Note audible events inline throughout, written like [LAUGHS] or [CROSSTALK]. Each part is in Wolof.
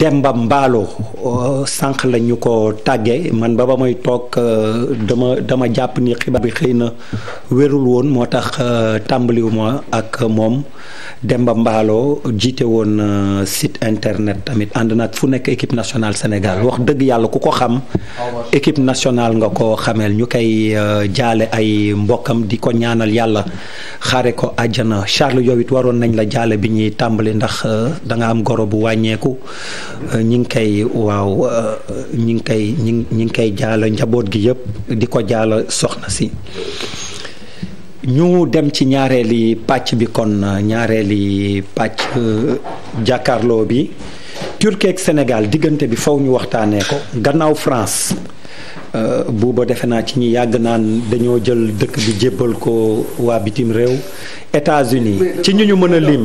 Demba Mballo euh, sànq la ñu ko tàggee man ba ba may toog euh, dama dama jàpp ni xibaar bi xëy na wérul woon moo tax euh, tàmbaliwuma ak moom dembam Mballo jiite woon site internet tamit ànd nag fu nekk équipe national Sénégal wax dëgg yàlla ku ko xam équipe national nga ko xameel ñu koy jaale ay mbokkam di ko ñaanal yàlla xaare ko àjjana Charles yow waroon nañ la jaale bi ñuy tàmbali ndax danga am goro bu wàññeeku ñi ngi koy waaw euh, ñi ngi koy ñi ñi ngi koy jaalo njaboot gi yëpp di ko jaalo soxna si ñu dem ci ñaareeli pàcc bi kon na ñaareeli pàcc euh, jàkkaarloo bi Turquie ak Sénégal diggante bi faw ñu waxtaanee ko gannaaw France euh, buuba defe naa ci ñu yàgg naan dañoo jël dëkk bi jébbal ko waa bitim réew États-Unis ci ñu ñu mën lim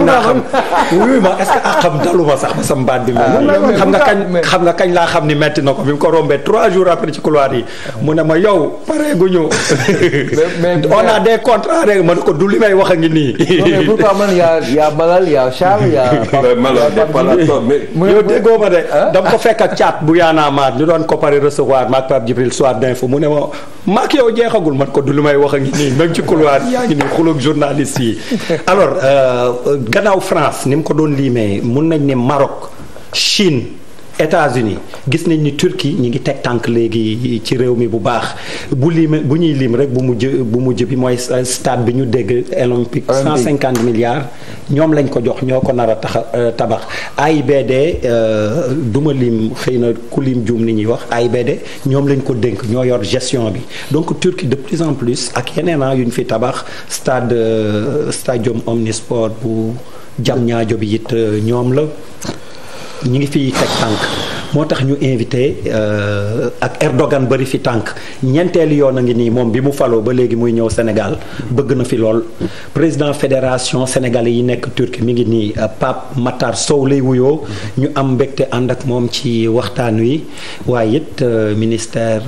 Ah, ah, kañ laa ba sam mbaat bi moom xam nga kañ xam ni metti na ko mu ko rombee trois jours après ci couloir ne ma yow pare gu ñu a des contrats ma ne ko du li may wax a ngi nii mais pourquoi man yaa yaa [LAUGHS] ma de ah? dama ak caat bu yaanaa maat ñu doon ko pare recevoir maak Pape Djibril soir d'info mu ma yow jeexagul man ko du li may wax a ngi nii même ci couloir yaa ngi nii xulóog journaliste yi alors euh, gannaaw France ni mu ko doon liimee mun nañ ne Maroc Chine États-Unis gis nañ ni Turquie ñi ngi teg tànk léegi ci réew mi bu baax bu lim bu ñuy liim rek bu mujj bu mujj bi mooy stade bi ñu dégg olympique cent cinquante milliards ñoom lañ ko jox ñoo ko nar a tax euh, tabax AIBD euh, duma lim xëy na ku lim juum ni ñuy wax AIBD ñoom lañ ko dénk ñoo yor gestion bi donc turki de plus en plus ak yeneen a ah, yu ñu fi tabax stade euh, stadium omnisport bu jam ñaajo bi it ñoom la ñi ngi fiy teg tànk moo tax ñu invité euh, ak Erdogan bari fi tànk ñeenteelu yoon a ngi nii moom bi mu faloo ba léegi muy ñëw Sénégal bëgg na fi lool président fédération sénégalais yi nekk Turquie mu ngi nii euh, Pape Matar Sow lay wuyoo ñu am mbégte ànd ak moom ci waxtaan wi waaye it euh, ministère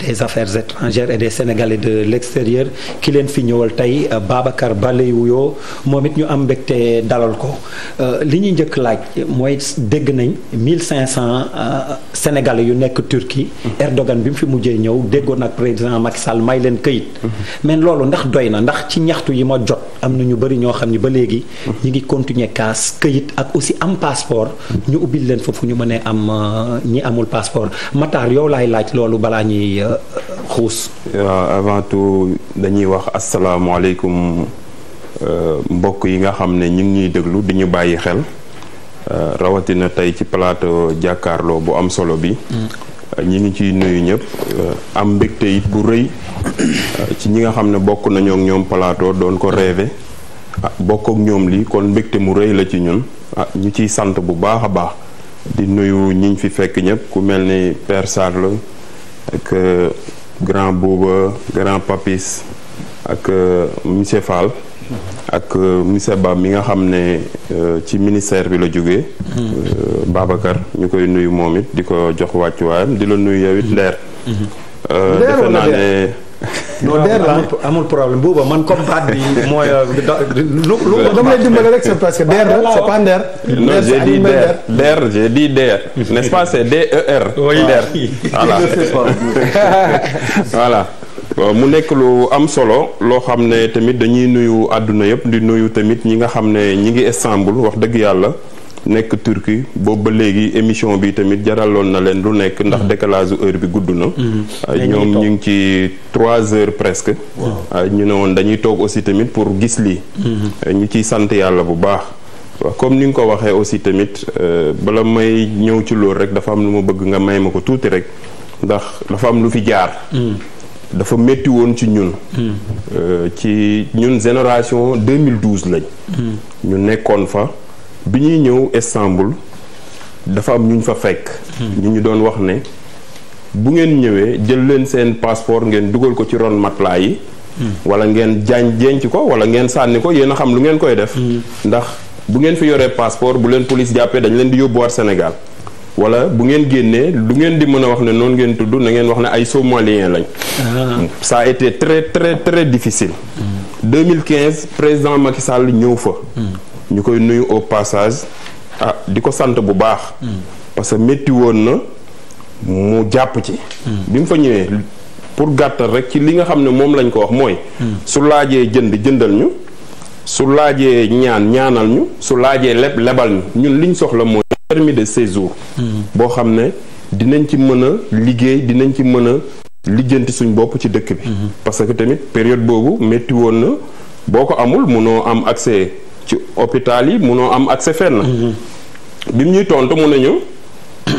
des affaires étrangères et des sénégalais de l'extérieur ki leen fi ñëwal tey Babacar Ba lay wuyoo moom it ñu am mbégte dalal ko li ñuy njëkk laaj mooy dégg nañ 1500 na euh, sénégalais yu nekk Turquie. Erdogan bi mu fi mujjee ñëw déggoon ak président Macky Sall may leen këyit. mais loolu ndax doy na ndax ci ñaxtu yi ma jot am na ñu bëri ñoo xam ni ba léegi. ñu ngi continuer kaas këyit ak aussi am passeport. ñu ubbil leen foofu ñu mënee am euh, ñi amul passeport Matar yow laay laaj loolu balaa ñuy euh, xuus. avant tout dañuy wax asalaamaaleykum mbokk yi nga xam ne ñu ngi ñuy déglu di ñu bàyyi xel. Euh, rawatina tey ci palaato jàkkaarloo bu am solo bi. Mm. ñi ngi ciy nuyu ñëpp euh, am mbégte it bu rëy euh, ci ñi nga xam ne bokk nañoo ñoom palaatoo doon ko rêvé ah ñoom lii kon mbégte mu rëy la ci ñun ah ñu ciy sant bu baax a baax di nuyu ñiñ fi fekk ñëpp ku mel ni Père Sarl ak grand Bouba grand Papis ak monsieur Fall. ak euh, monsieur Ba mi nga xam ne euh, ci ministère bi la jógee. Euh, Babacar ñu koy nuyu moom it di ko jox wàccuwaayam di la nuyu yow it leer. defe naa ne. non deer la amul problème booba man comme baat bi mooy. lu lu dimbale rek c'est parce que deer la c'est deer. non j'ai c'est D E R. oui deer [LAUGHS] voilà. [LAUGHS] voilà. Euh, mu nekk lu am solo loo xam ne tamit dañuy nuyu àdduna yëpp di nuyu tamit ñi nga xam ne ñi ngi Istanbul wax dëgg yàlla nekk turki boobu ba léegi émission bi tamit jaraloon na leen lu nekk ndax mm-hmm. décalage heure bi gudd na mm-hmm. euh, ñoom ñu ngi ci trois heures presque euh, ñu ne woon dañuy toog aussi tamit pour gis lii mm-hmm. ñu ciy sant yàlla bu baax waaw comme ni nga ko waxee aussi tamit bala may ñëw ci loolu rek dafa am lu ma bëgg nga may ma ko tuuti rek ndax dafa am dafa métti woon ci ñun. Euh, ci ñun génération 2012 lañ. ñu nekkoon fa bi ñuy ñëw Istanbul dafa am ñu ñu fa fekk. ñu ñu doon wax ne bu ngeen ñëwee jël leen seen passeport ngeen dugal ko ci ron matelas yi. wala ngeen jaañ jenc ko wala ngeen sànni ko yéen a xam lu ngeen koy def. Mm-hmm. ndax bu ngeen fi yoree passeport bu leen police jàppee dañ leen di yóbbuwaat Sénégal. wala bu ngeen génnee du ngeen di mën a wax ne noonu ngeen tudd na ngeen wax ne ay somalien lañ. sa ah. a été très très très difficile. 2015 hmm. président Macky Sall ñëw fa. Hmm. ñu koy nuyu au passage ah di ko sant bu baax. Hmm. parce que métti woon na mu jàpp ci. bi mu fa ñëwee pour gàttal rek ci li nga xam ne moom lañ ko wax mooy. su laajee jënd jëndal ñu. su laajee ñaan ñaanal ñu. su laajee leb lebal ñu ñun liñ soxla mooy. permis de séjour. boo xam ne dinañ ci mën a liggéey dinañ ci mën a lijjanti suñ bopp ci dëkk bi. Mhm. parce que tamit période boobu métti woon na boo ko amul munoo am accès ci hôpital yi munoo am accès fenn. Mhm. bi mu ñuy tontu mun nañu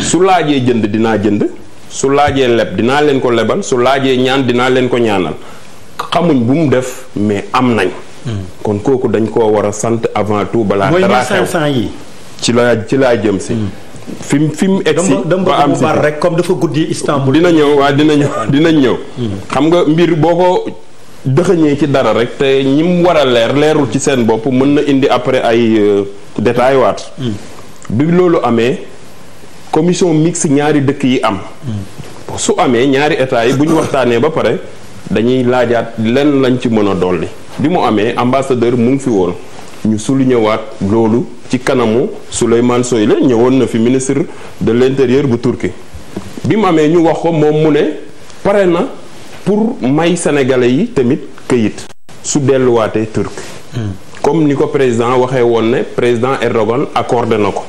su laajee jënd dinaa jënd su laajee leb dinaa leen ko lebal su laajee ñaan dinaa leen ko ñaanal xamuñ bu mu def mais am nañ. Mhm. kon kooku dañ ko war a sant avant tout balaa. dara xew yi. ci laa ci laa jëm si. fi mu fi mu egg si ba am si rek comme dafa guddi Istanbul. dina ñëw waa dina ñëw [LAUGHS] dina ñëw. xam nga mbir boo ko dëxëñee ci dara rek. te ñi mu war a leer leerul ci seen bopp mën na indi après ay euh, détails waat. Mm. bi loolu amee commission mixte ñaari dëkk yi am. Mm. su amee ñaari état yi bu ñu waxtaanee ba pare dañuy laajaat lenn lañ ci mën a dolli. bi mu amee ambassadeur mu ngi fi woon. ñu sulu ñëwaat loolu ci kanamu Souleymane Soylu ñëwoon na fi ministre de l'intérieur bu Turquie bi mu amee ñu wax ko moom mu ne pare na pour may sénégalais yi tamit këyit su delluwaatee Turc comme ni ko président waxee woon ne président Erdogan accordé na ko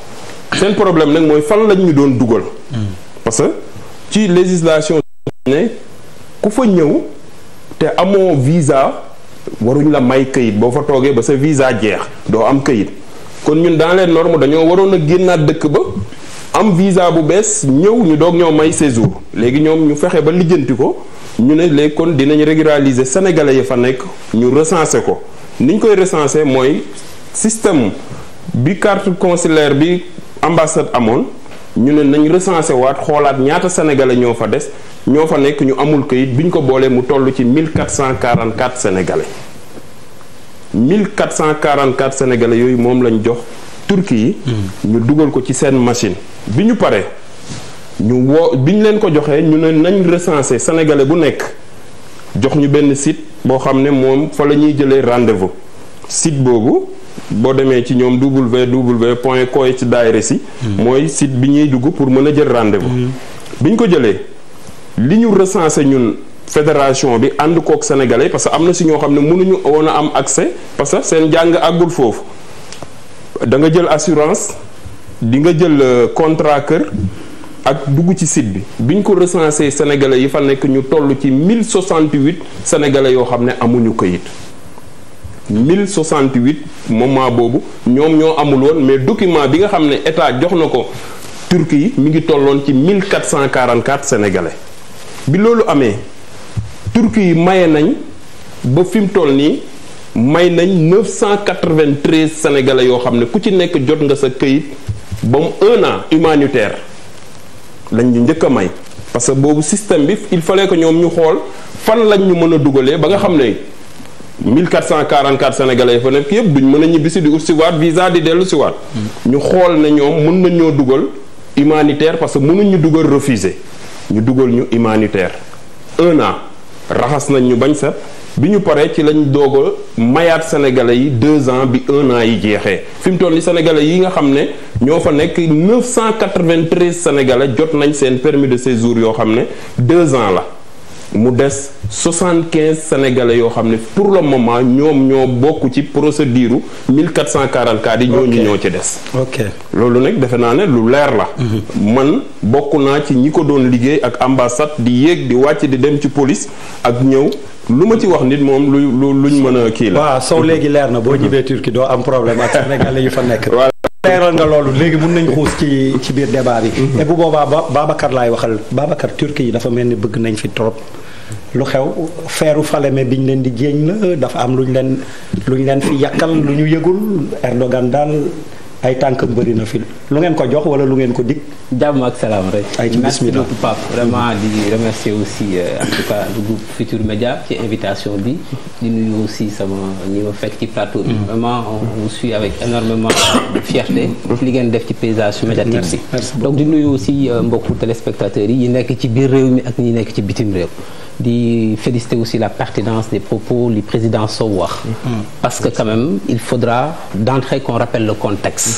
seen problème nag mooy fan lañ ñu doon dugal parce que ci législation ne ku fa ñëw te amoo visa waruñ la may kayit boo fa toogee ba sa visa jeex doo am kayit kon ñun dans les normes dañoo waroon a génnaat dëkk ba am visa bu bees ñëw ñu doog ñoo may séjour léegi ñoom ñu fexe ba lijjanti ko ñu ne léegi kon dinañ régulariser sénégalais yi fa nekk ñu recenser ko niñ koy recenser mooy système bi carte consulaire bi ambassade amoon. ñu ne nañ recensé waat xoolaat ñaata sénégalais ñoo fa des ñoo fa nekk ñu amul kayit bi ñu ko boolee mu toll ci 1444 sénégalais 1444 sénégalais yooyu moom lañ jox turki yi. Mm-hmm. ñu dugal ko ci seen machine. bi ñu paree ñu woo bi ñu leen ko joxee ñu ne nañ recensé sénégalais bu nekk jox ñu benn sit boo xam ne moom fa la ñuy jëlee rendez-vous site boobu. boo demee ci ñoom www point ci daayira si mooy site bi ñuy dugg pour mën a jël rendez mm-hmm. bi ñu ko jëlee li ñu recensé ñun fédération bi ànd kook sénégalais parce que am na si ñoo xam ne mënuñu woon a am accès parce que seen jàng àggul foofu da nga jël assurance di nga jël euh, contrat kër ak dugg ci site bi bi ñu ko recensé sénégalais yi fa nekk ñu toll ci 1068 sénégalais yoo xam ne amuñu këyit 1068 moment boobu ñoom ñoo amul woon mais document bi nga xam ne état jox na ko Turquie mi ngi tolloon ci mille 1444 sénégalais bi loolu amee turki yi maye nañ ba fi mu toll nii may nañ 993 sénégalais yoo xam ne ku ci nekk jot nga sa këyit ba mu un an humanitaire lañ ñu njëkk a may parce que boobu système bi il fallait que ñoom ñu xool fan lañ ñu mën a dugalee ba nga xam ne. mille 1444 sénégalais yi fa nekk yëpp ñu mën a ñibbisi di ut si waat visa di dellu si waat. ñu xool ne ñoom mën nañ ñoo dugal humanitaire parce que mënuñ ñu dugal refusé ñu dugal ñu humanitaire un an raxas nañ ñu bañ set bi ñu paree ci lañ doogo mayaat sénégalais yi deux ans bi un an yi jeexee fi mu toll ni sénégalais yi nga xam ne ñoo fa nekk 993 sénégalais jot nañ seen permis de séjour yoo xam ne deux ans la. mu des soixante quinze sénégalais yoo xam ne pour le moment ñoom ñoo bokk ci procédure mille quatre cent quarante quatre yi ñooñu ñoo ci des. ok loolu nag defe naa ne lu leer la. Mhm. man bokk naa ci ñi ko doon liggéey ak ambassade di yéeg di wàcc di dem ci police ak ñëw. lu ma ci wax nit moom lu lu luñ mën kii la. waaw soo léegi leer na boo mhm. ñibbee Turquie doo am problème ak sénégalais yu fa nekk. [LAUGHS] leeral nga loolu léegi mun nañ xuus ci ci biir débat bi. Mhm. et bu boobaa Babacar laay waxal Babacar Turquie yi dafa mel ni bëgg nañ fi trop. lu xew feeru Falémé biñ leen di jéeñ la dafa am luñ leen luñ leen fi yàkkal lu ñu yëgul Erdogan daal. ay tànkam bëri na fi lu ngeen ko jox wala lu ngeen ko dig. jàmm ak salaam rek. ay ci bismillah merci beaucoup Pape vraiment di remercier aussi euh, en tout cas le groupe Futur Média ci invitation bi. di nuyu aussi sama ñi ma fekk ci plateau bi. Mm. vraiment on vous suit avec énormément fierté. li ngeen def ci paysage médiatique bi. donc di nuyu aussi euh, mbokku téléspectateurs yi yi nekk ci biir réew mi ak ñi nekk ci bitim réew. di féliciter aussi la pertinence des propos li président so wax. Mm. parce que quand même il faudra d'entrée qu'on le contexte.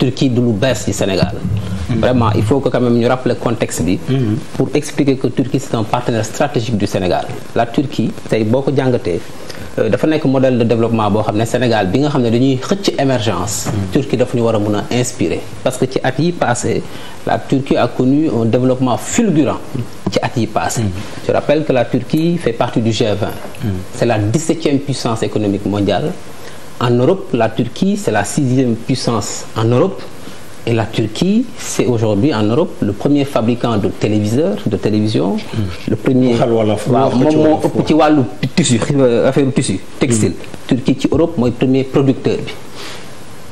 Turquie du lu bees ci Sénégal. Mm-hmm. vraiment il faut que quand même ñu rappeler contexte bi. Mm-hmm. pour expliquer que Turquie c'est un partenaire stratégique du Sénégal. la Turquie tey boo ko jàngatee euh, dafa nekk modèle de développement boo xam ne Sénégal bi nga xam ne dañuy xëcc émergence. Mm-hmm. Turquie dafa ñu war a mun a inspirer. parce que ci at yi passé la Turquie a connu un développement fulgurant. ci at yi passé. je rappelle que la Turquie fait partie du G20. c'est la 17e puissance En Europe, la Turquie, c'est la sixième puissance en Europe. Et la Turquie, c'est aujourd'hui en Europe le premier fabricant de téléviseurs, de télévision, le premier. waaw moo ci wàllu tissu euh, affaire tissu textile. Hmm. Turquie ci Europe mooy premier producteur bi.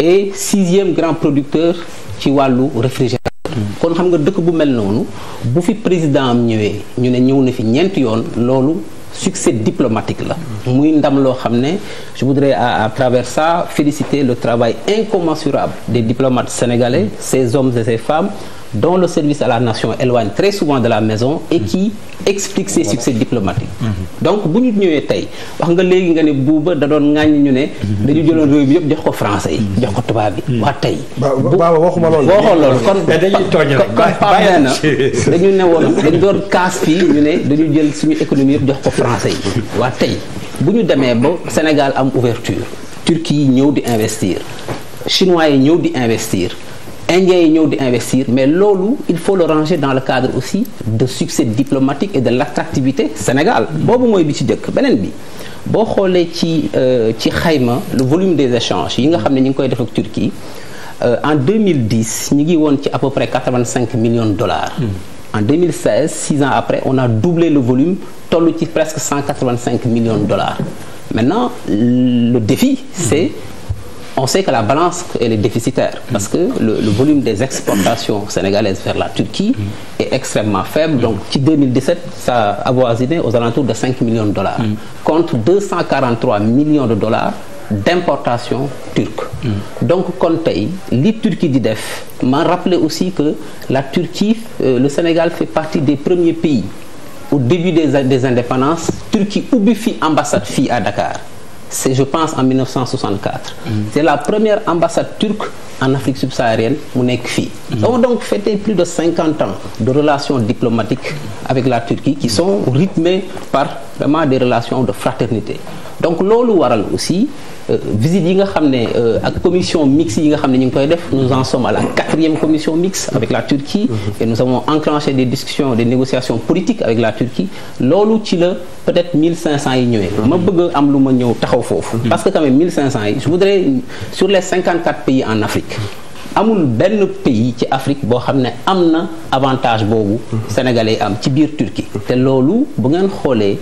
et sixième grand producteur ci wàllu réfrigérateur. Hmm. kon xam nga dëkk bu mel noonu bu fi président am ñëwee ñu ne ñëw na fi ñeent yoon loolu. succès diplomatique la muy ndam loo xam ne je voudrais à, à travers ça féliciter le travail incommensurable des diplomates sénégalais ces hommes et ces femmes dont le service à la nation éloigne très souvent de la maison et qui explique ses succès diplomatiques mhm. donc bu ñu ñëwee tey wax nga léegi nga ne buuba da doon ŋàññ ñu ne mhm. dañu jëloon réew bi yëpp jox ko français yi mhm. jox ko tubaab bi waa tey baaba waxuma loolu waxoo loolu kon kon Pape na [LAUGHS] dañu ne dañu doon kaas fii ñu ne dañu jël suñu économie yëpp jox ko français yi waa tey bu ñu demee ba Sénégal am ouverture Turquie yi ñëw di investir chinois yi ñëw di investir indiens yi ñëw di investir mais loolu il faut le ranger dans le cadre aussi de succès diplomatique et de l'attractivité Sénégal boobu mooy bi ci jëkk beneen bi boo xoolee ci euh, ci xayma le volume des échanges yi nga xam ne ñu ngi koy def ak Turquie euh, en 2010 ñu ngi woon ci à peu près 85 millions de dollars hmm. en 2016 six ans après on a doublé le volume toll ci presque 185 millions de dollars maintenant le défi c'est on sait que balance elle est déficitaire parce que le, le volume des exportations sénégalaises vers la Turquie mm. est extrêmement faible donc mm. ci 2017 ça avoisiné aux alentours de 5 millions de dollars mm. contre 243 millions de dollars d'importation turque donc kon tey li Turquie di def ma rappelé aussi que la Turquie euh, le Sénégal fait partie des premiers pays au début des, des indépendances Turquie ubbi fi ambassade fii à Dakar c'est je pense en 1964. Mm. C'est la première ambassade turque en Afrique subsaharienne mu nekk fii. Mm. on va donc fêter de cinquante ans de relations diplomatiques avec la Turquie qui sont rythmées par vraiment des relations de fraternité donc loolu waral aussi. Euh, visite yi nga xam ne euh, ak commission mixte yi nga xam ne ñu ngi koy def nous en sommes à la quatrième commission mixte avec la Turquie mm-hmm. et nous avons enclenché des discussions des négociations politiques avec la Turquie loolu ci la peut-être yi ñëwee mm-hmm. ma bëgg am lu ma ñëw taxaw foofu mm-hmm. parce que quand même 1500 yi je voudrais sur les 54 pays en Afrique amul benn pays ci Afrique boo xam ne am na avantage boobu sénégalais am ci biir Turquie te loolu bu ngeen xoolee